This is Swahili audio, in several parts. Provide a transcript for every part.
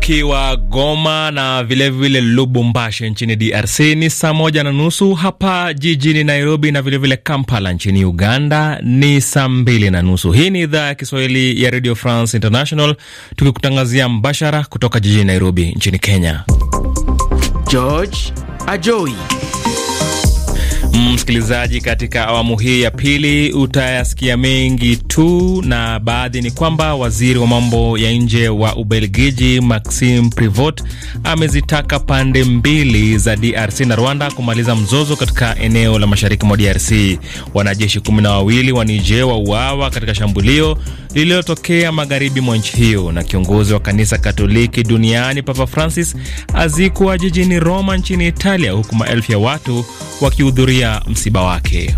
Ukumbuki wa Goma na vilevile Lubumbashi nchini DRC ni saa moja na nusu hapa jijini Nairobi, na vilevile vile Kampala nchini Uganda ni saa mbili na nusu. Hii ni idhaa ya Kiswahili ya Radio France International tukikutangazia mbashara kutoka jijini Nairobi nchini Kenya. George Ajoi Msikilizaji, katika awamu hii ya pili utayasikia mengi tu, na baadhi ni kwamba waziri wa mambo ya nje wa Ubelgiji Maxime Prevot amezitaka pande mbili za DRC na Rwanda kumaliza mzozo katika eneo la mashariki mwa DRC. Wanajeshi kumi na wawili wa Niger wauawa katika shambulio lililotokea magharibi mwa nchi hiyo, na kiongozi wa kanisa Katoliki duniani Papa Francis azikwa jijini Roma nchini Italia, huku maelfu ya watu wakihudhuria msiba wake.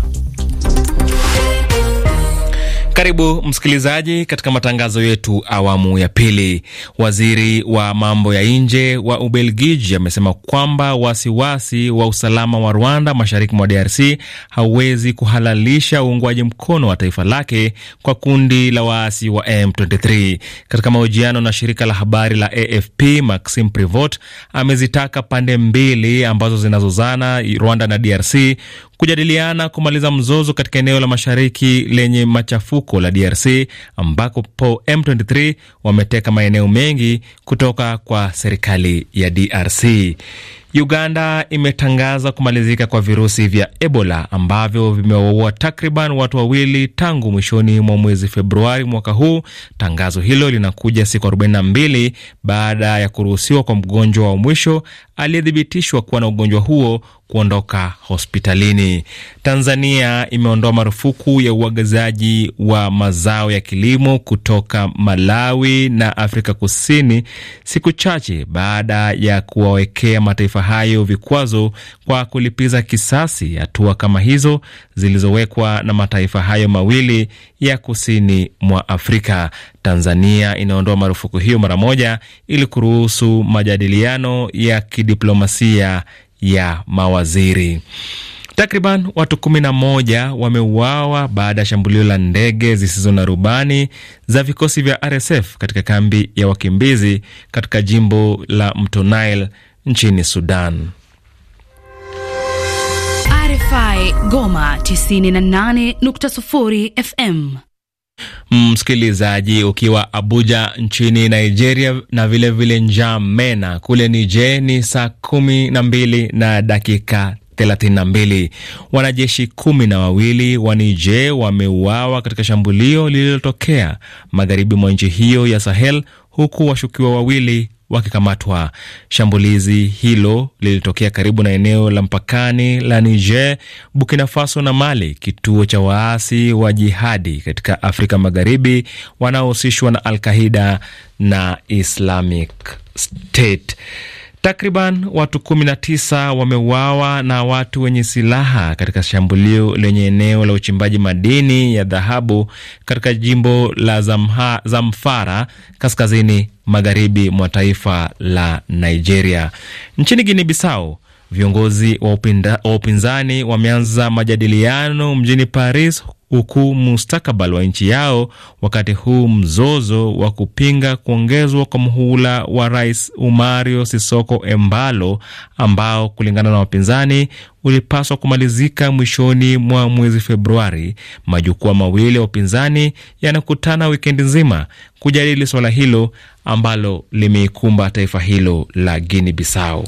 Karibu msikilizaji katika matangazo yetu awamu ya pili. Waziri wa mambo ya nje wa Ubelgiji amesema kwamba wasiwasi wa usalama wa Rwanda mashariki mwa DRC hauwezi kuhalalisha uungwaji mkono wa taifa lake kwa kundi la waasi wa M23. Katika mahojiano na shirika la habari la AFP, Maxim Prevot amezitaka pande mbili ambazo zinazozana, Rwanda na DRC, kujadiliana kumaliza mzozo katika eneo la mashariki lenye machafuko Monisco la DRC ambapo M23 wameteka maeneo mengi kutoka kwa serikali ya DRC. Uganda imetangaza kumalizika kwa virusi vya Ebola ambavyo vimewaua takriban watu wawili tangu mwishoni mwa mwezi Februari mwaka huu. Tangazo hilo linakuja siku 42 baada ya kuruhusiwa kwa mgonjwa wa mwisho aliyethibitishwa kuwa na ugonjwa huo kuondoka hospitalini. Tanzania imeondoa marufuku ya uagizaji wa mazao ya kilimo kutoka Malawi na Afrika Kusini siku chache baada ya kuwawekea mataifa hayo vikwazo kwa kulipiza kisasi hatua kama hizo zilizowekwa na mataifa hayo mawili ya kusini mwa Afrika. Tanzania inaondoa marufuku hiyo mara moja ili kuruhusu majadiliano ya kidiplomasia ya mawaziri. Takriban watu kumi na moja wameuawa baada ya shambulio la ndege zisizo na rubani za vikosi vya RSF katika kambi ya wakimbizi katika jimbo la mto Nile nchini Sudan. RFI Goma 98.0 FM. Msikilizaji, ukiwa Abuja nchini Nigeria na vilevile Njamena kule Nije ni saa kumi na mbili na dakika 32. Wanajeshi kumi na wawili wa Nije wameuawa katika shambulio lililotokea magharibi mwa nchi hiyo ya Sahel, huku washukiwa wawili wakikamatwa. Shambulizi hilo lilitokea karibu na eneo la mpakani la Niger, Burkina Faso na Mali, kituo cha waasi wa jihadi katika Afrika Magharibi wanaohusishwa na Alqaida na Islamic State. Takriban watu 19 wameuawa na watu wenye silaha katika shambulio lenye eneo la uchimbaji madini ya dhahabu katika jimbo la Zamha, Zamfara kaskazini magharibi mwa taifa la Nigeria. Nchini Guinea Bissau Viongozi wa upinda, upinzani wameanza majadiliano mjini Paris huku mustakabali wa nchi yao wakati huu mzozo wa kupinga kuongezwa kwa muhula wa rais Umario Sisoko Embalo ambao kulingana na wapinzani ulipaswa kumalizika mwishoni mwa mwezi Februari. Majukwaa mawili ya upinzani yanakutana wikendi nzima kujadili suala hilo ambalo limeikumba taifa hilo la Guinea Bissau.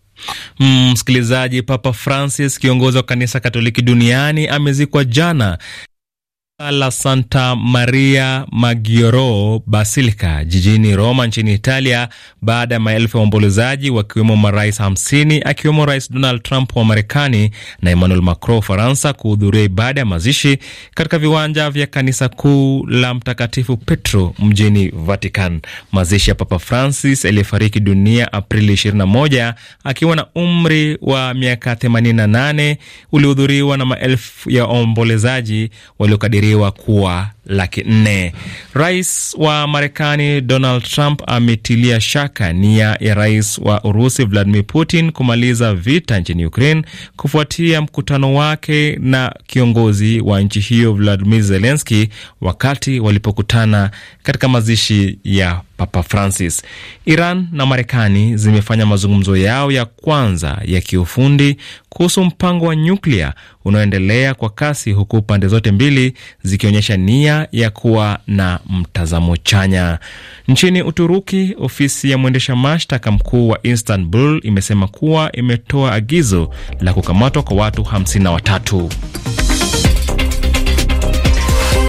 Mm, msikilizaji, mm, Papa Francis, kiongozi wa kanisa Katoliki duniani, amezikwa jana la Santa Maria Maggiore Basilica jijini Roma nchini Italia baada ya maelfu ya waombolezaji wakiwemo marais 50 akiwemo Rais Donald Trump wa Marekani na Emmanuel Macron wa Faransa kuhudhuria ibada ya mazishi katika viwanja vya kanisa kuu la Mtakatifu Petro mjini Vatican. Mazishi ya Papa Francis aliyefariki dunia Aprili 21 akiwa na umri wa miaka 88 ulihudhuriwa na maelfu ya waombolezaji waliokadiria inakadiriwa kuwa laki nne. Rais wa Marekani Donald Trump ametilia shaka nia ya rais wa Urusi Vladimir Putin kumaliza vita nchini Ukraine kufuatia mkutano wake na kiongozi wa nchi hiyo Vladimir Zelenski wakati walipokutana katika mazishi ya Papa Francis. Iran na Marekani zimefanya mazungumzo yao ya kwanza ya kiufundi kuhusu mpango wa nyuklia unaoendelea kwa kasi huku pande zote mbili zikionyesha nia ya kuwa na mtazamo chanya. Nchini Uturuki, ofisi ya mwendesha mashtaka mkuu wa Istanbul imesema kuwa imetoa agizo la kukamatwa kwa watu 53.